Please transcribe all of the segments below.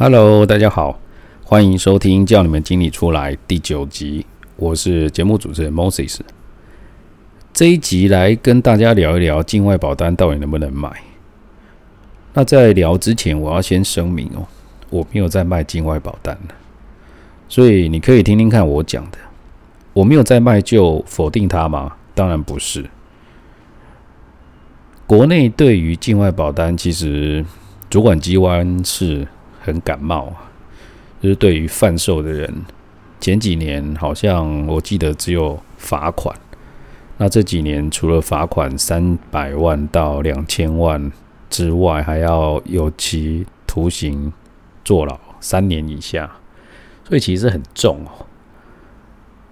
Hello，大家好，歡迎收聽《叫你們經理出來》第九集，我是節目主持人 Moses。這一集來跟大家聊一聊境外保單到底能不能買。那在聊之前，我要先聲明哦，我沒有在賣境外保單了。所以你可以聽聽看我講的。我沒有在賣就否定它嗎？當然不是。國內對於境外保單，其實主管機關是，很感冒啊！就是對於販售的人，前幾年好像我記得只有罰款，那這幾年除了罰款三百萬到兩千萬之外，還要有期徒刑坐牢三年以下，所以其實很重哦。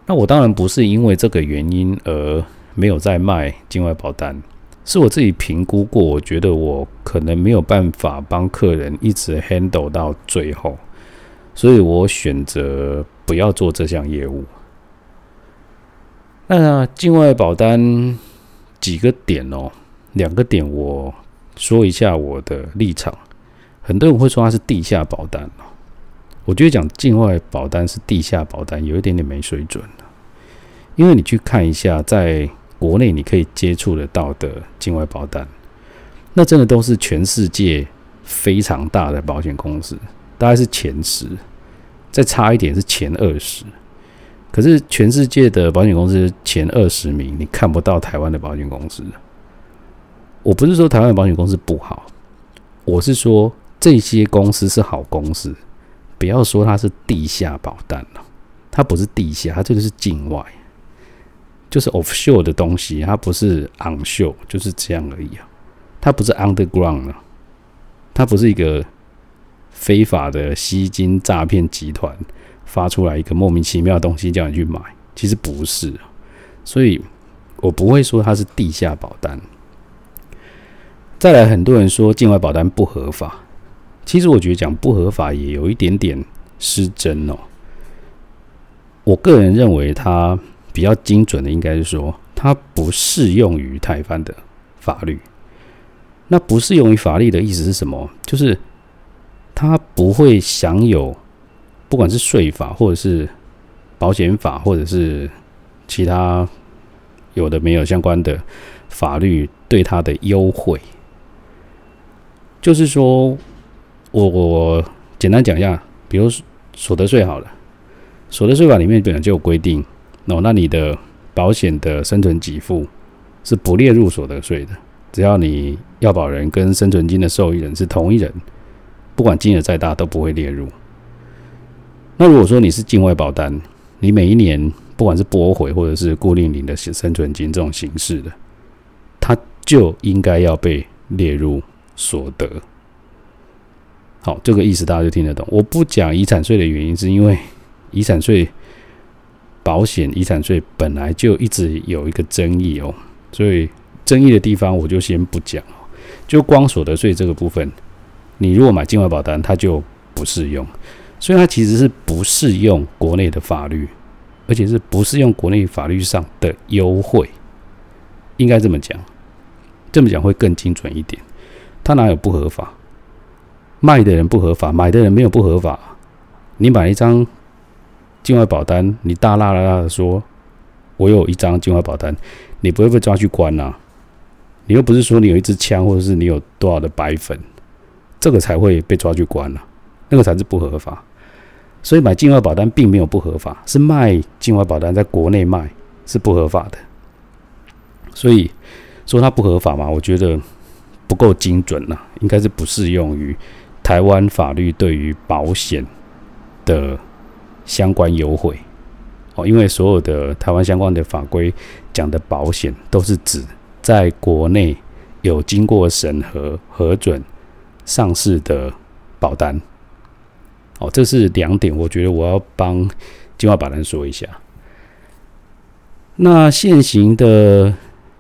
那我當然不是因為這個原因而沒有在賣境外保單。是我自己評估過，我覺得我可能沒有辦法幫客人一直 handle 到最後，所以我選擇不要做這項業務。那啊，境外保單幾個點哦，兩個點我說一下我的立場。很多人會說它是地下保單哦，我覺得講境外保單是地下保單，有一點點沒水準，因為你去看一下，在。國內你可以接觸得到的境外保單，那真的都是全世界非常大的保險公司，大概是前十，再差一點是前二十。可是全世界的保險公司前二十名，你看不到台灣的保險公司。我不是說台灣的保險公司不好，我是說這些公司是好公司，不要說它是地下保單，它不是地下，它這個是境外。就是 offshore 的東西，它不是 onshore 就是這樣而已啊。它不是 underground 啊，它不是一個非法的吸金詐騙集團發出來一個莫名其妙的東西叫你去買，其實不是。所以我不會說它是地下保單。再來，很多人說境外保單不合法，其實我覺得講不合法也有一點點失真哦。我個人認為它。比較精準的，應該是說它不適用於台灣的法律。那不適用於法律的意思是什麼？就是它不會享有，不管是稅法，或者是保險法，或者是其他有的沒有相關的法律對它的優惠。就是說我，我簡單講一下，比如說所得稅好了，所得稅法裡面本來就有規定。那、哦、那你的保險的生存給付是不列入所得稅的，只要你要保人跟生存金的受益人是同一人，不管金額再大都不會列入。那如果說你是境外保單，你每一年不管是撥回或者是固定領的生存金這種形式的，它就應該要被列入所得。好，這個意思大家就聽得懂。我不講遺產稅的原因，是因為遺產稅。保險遺產稅本來就一直有一個爭議哦，所以爭議的地方我就先不講。就光所得稅這個部分，你如果買境外保單，它就不適用，所以它其實是不適用國內的法律，而且是不適用國內法律上的優惠。應該這麼講，這麼講會更精準一點。它哪有不合法？賣的人不合法，買的人沒有不合法。你買一張。境外保單，你大大大的說，我有一張境外保單，你不會被抓去關吶、啊？你又不是說你有一支槍，或者是你有多少的白粉，這個才會被抓去關吶、啊？那個才是不合法。所以買境外保單並沒有不合法，是賣境外保單在國內賣是不合法的。所以說它不合法嘛？我覺得不夠精準吶、啊，應該是不適用於台灣法律對於保險的。相關優惠哦，因為所有的台灣相關的法規講的保險，都是指在國內有經過審核核准上市的保單哦。這是兩點，我覺得我要幫境外保單說一下。那現行的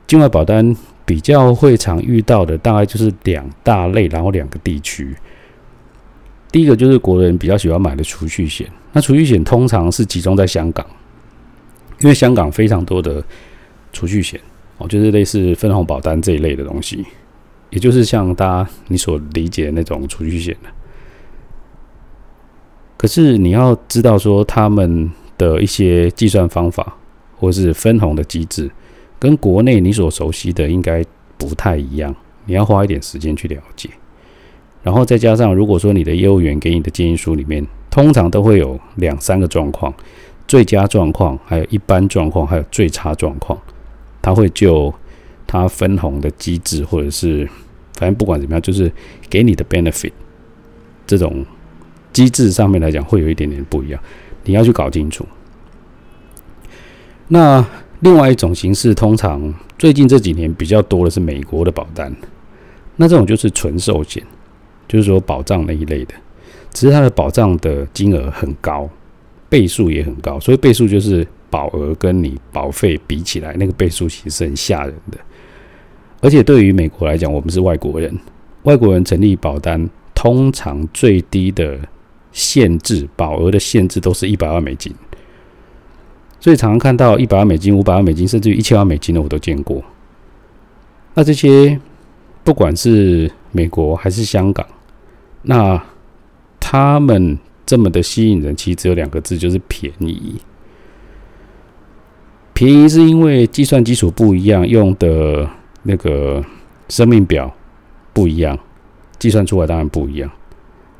境外保單比較會常遇到的，大概就是兩大類，然後兩個地區。第一個就是國人比較喜歡買的儲蓄險。那儲蓄險通常是集中在香港，因為香港非常多的儲蓄險哦，就是類似分紅保單這一類的東西，也就是像大家你所理解的那種儲蓄險的。可是你要知道說，他們的一些計算方法或是分紅的機制，跟國內你所熟悉的應該不太一樣，你要花一點時間去了解。然後再加上，如果說你的業務員給你的建議書裡面，通常都會有兩三個狀況，最佳狀況，還有一般狀況，還有最差狀況。它會就它分紅的機制，或者是反正不管怎麼樣，就是給你的 benefit 這種機制上面來講，會有一點點不一樣。你要去搞清楚。那另外一種形式，通常最近這幾年比較多的是美國的保單，那這種就是純壽險，就是說保障那一類的。其實它的保障的金額很高，倍數也很高，所以倍數就是保額跟你保費比起來，那個倍數其實是很嚇人的。而且對於美國來講，我們是外國人，外國人成立保單通常最低的限制保額的限制都是一百萬美金，所以常常看到一百萬美金、五百萬美金，甚至於一千萬美金的我都見過。那這些不管是美國還是香港，那他們這麼的吸引人，其實只有兩個字，就是便宜。便宜是因為計算基礎不一樣，用的那個生命表不一樣，計算出來當然不一樣。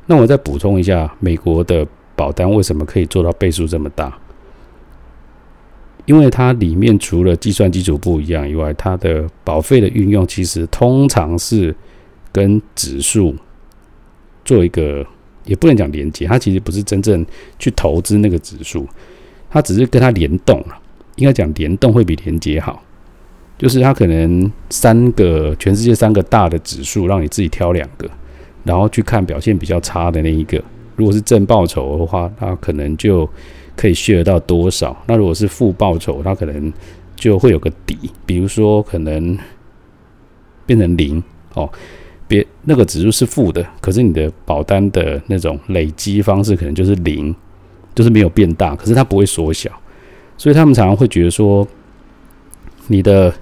那我再補充一下，美國的保單為什麼可以做到倍數這麼大？因為它裡面除了計算基礎不一樣以外，它的保費的運用其實通常是跟指數做一個。也不能講連結，它其實不是真正去投資那個指數，它只是跟它聯動了。應該講聯動會比連結好，就是它可能三個全世界三個大的指數，讓你自己挑兩個，然後去看表現比較差的那一個。如果是正報酬的話，它可能就可以削得到多少；那如果是負報酬，它可能就會有個底，比如說可能變成零哦。別那個指數是負的，可是你的保單的那種累積方式可能就是零，就是沒有變大，可是它不會縮小，所以他們常常會覺得說，你的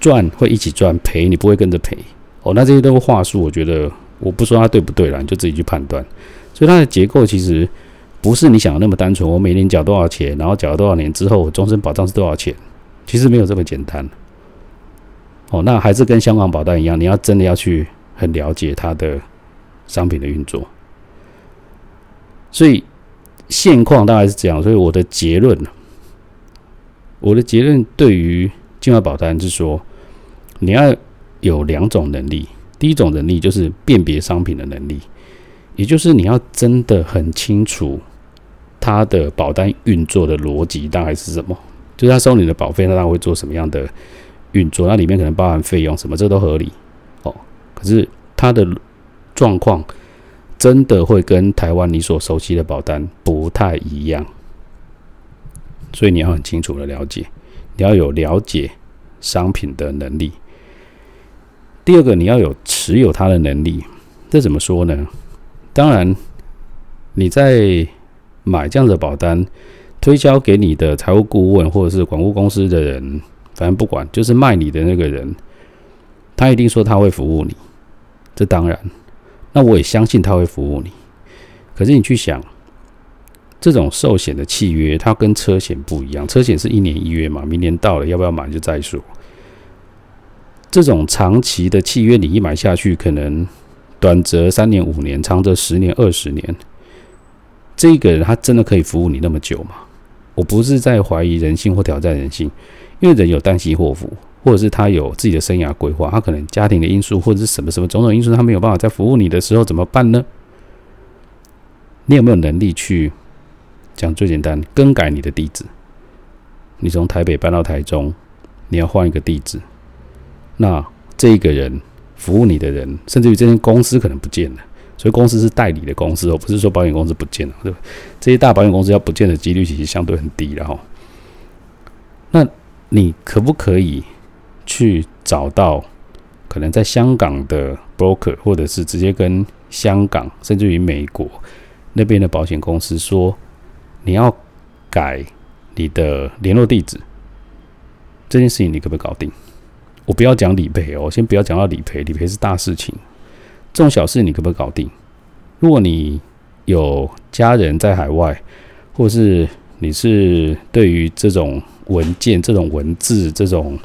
賺會一起賺，賠你不會跟着賠哦。那這些都是話術，我覺得我不說它對不對啦，你就自己去判斷。所以它的結構其實不是你想的那麼單純，我每年繳多少錢，然後繳了多少年之後，我終身保障是多少錢，其實沒有這麼簡單。哦，那還是跟香港保單一樣，你要真的要去很了解它的商品的運作。所以現況大概是這樣，所以我的結論，我的結論對於境外保單是說，你要有兩種能力，第一種能力就是辨別商品的能力，也就是你要真的很清楚它的保單運作的邏輯大概是什麼，就是他收你的保費，那他會做什麼樣的。運作，那裡面可能包含費用什麼，這都合理哦。可是它的狀況真的會跟台灣你所熟悉的保單不太一樣，所以你要很清楚的了解，你要有了解商品的能力。第二個，你要有持有它的能力。這怎麼說呢？當然，你在買這樣的保單，推銷給你的財務顧問或者是管顧公司的人。反正不管，就是賣你的那個人，他一定說他會服務你，這當然。那我也相信他會服務你。可是你去想，這種壽險的契約，它跟車險不一樣。車險是一年一約嘛，明年到了要不要買就再說。這種長期的契約，你一買下去，可能短則三年五年，長則十年二十年，這個人他真的可以服務你那麼久嗎？我不是在懷疑人性或挑戰人性，因為人有旦夕禍福，或者是他有自己的生涯規劃，他可能家庭的因素或者是什麼什麼種種因素，他沒有辦法在服務你的時候怎麼辦呢？你有沒有能力去講最簡單，更改你的地址？你從台北搬到台中，你要換一個地址，那這一個人服務你的人，甚至於這間公司可能不見了。所以公司是代理的公司哦，不是說保險公司不見了，對這些大保險公司要不見的幾率其實相對很低的吼。那你可不可以去找到可能在香港的 broker，或者是直接跟香港甚至於美國那邊的保險公司說，你要改你的聯絡地址，這件事情你可不可以搞定？我不要講理賠哦、喔，我先不要講到理賠，理賠是大事情。這種小事你可不可以搞定？如果你有家人在海外，或是你是對於這種文件、這種文字、這種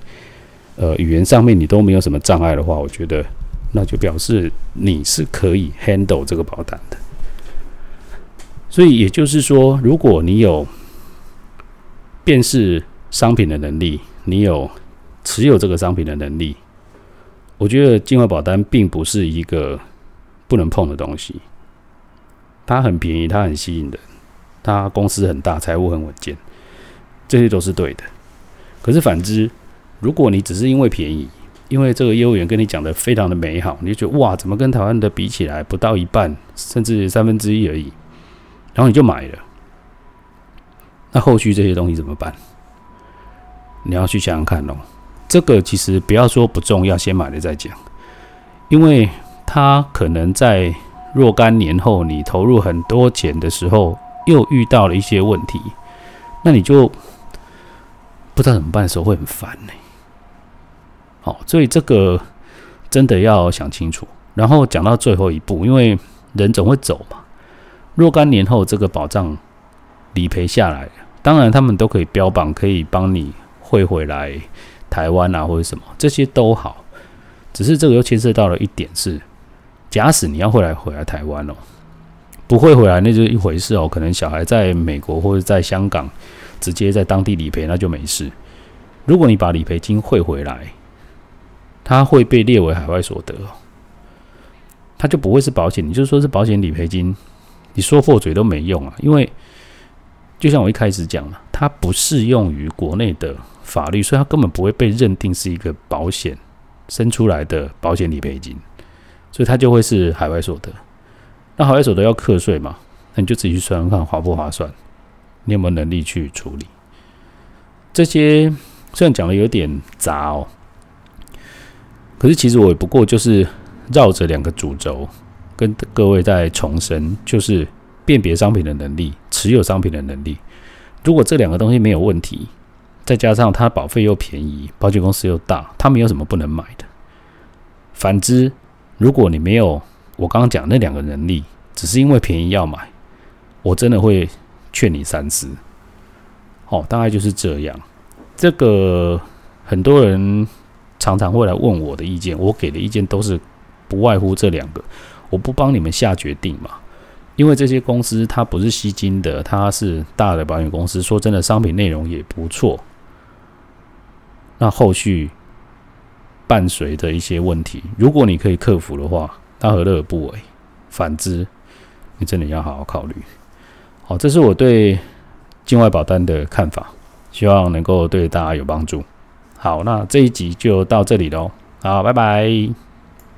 呃語言上面你都沒有什麼障礙的話，我覺得那就表示你是可以 handle 這個保單的。所以也就是說，如果你有辨識商品的能力，你有持有這個商品的能力。我覺得境外保單並不是一個不能碰的東西，它很便宜，它很吸引人，它公司很大，財務很穩健，這些都是對的。可是反之，如果你只是因為便宜，因為這個業務員跟你講得非常的美好，你就覺得哇，怎麼跟台灣的比起來不到一半，甚至三分之一而已，然後你就買了，那後續這些東西怎麼辦？你要去想想看咯。這個其實不要說不重要，先買了再講，因為他可能在若干年後，你投入很多錢的時候，又遇到了一些問題，那你就不知道怎麼辦的時候會很煩呢。好，所以這個真的要想清楚。然後講到最後一步，因為人總會走嘛，若干年後這個保障理賠下來，當然他們都可以標榜可以幫你匯回來。台灣啊，或者什麼，這些都好，只是這個又牽涉到了一點是，假使，你要回來回來台灣哦，不會回來那就是一回事哦。可能小孩在美國或者在香港，直接在當地理賠那就沒事。如果你把理賠金匯回來，它會被列為海外所得，它就不會是保險，你就說是保險理賠金，你說破嘴都沒用啊，因為。就像我一開始講了，它不適用於國內的法律，所以它根本不會被認定是一個保險生出來的保險理賠金，所以它就會是海外所得。那海外所得要課稅嘛？那你就自己去算算看划不划算，你有沒有能力去處理？這些雖然講的有點雜哦，可是其實我也不過就是繞着兩個主軸，跟各位再重申，就是。辨別商品的能力、持有商品的能力，如果這兩個東西沒有問題，再加上它保費又便宜，保險公司又大，它沒有什麼不能買的。反之，如果你沒有我剛剛講那兩個能力，只是因為便宜要買，我真的會勸你三思。好、哦，大概就是這樣。這個很多人常常會來問我的意見，我給的意見都是不外乎這兩個，我不幫你們下決定嘛。因為這些公司它不是吸金的，它是大的保險公司。說真的，商品內容也不錯。那後續伴隨着一些問題，如果你可以克服的話，那何樂而不為？反之，你真的要好好考慮。好，這是我對境外保單的看法，希望能夠對大家有幫助。好，那這一集就到這裡嘍。好，拜拜。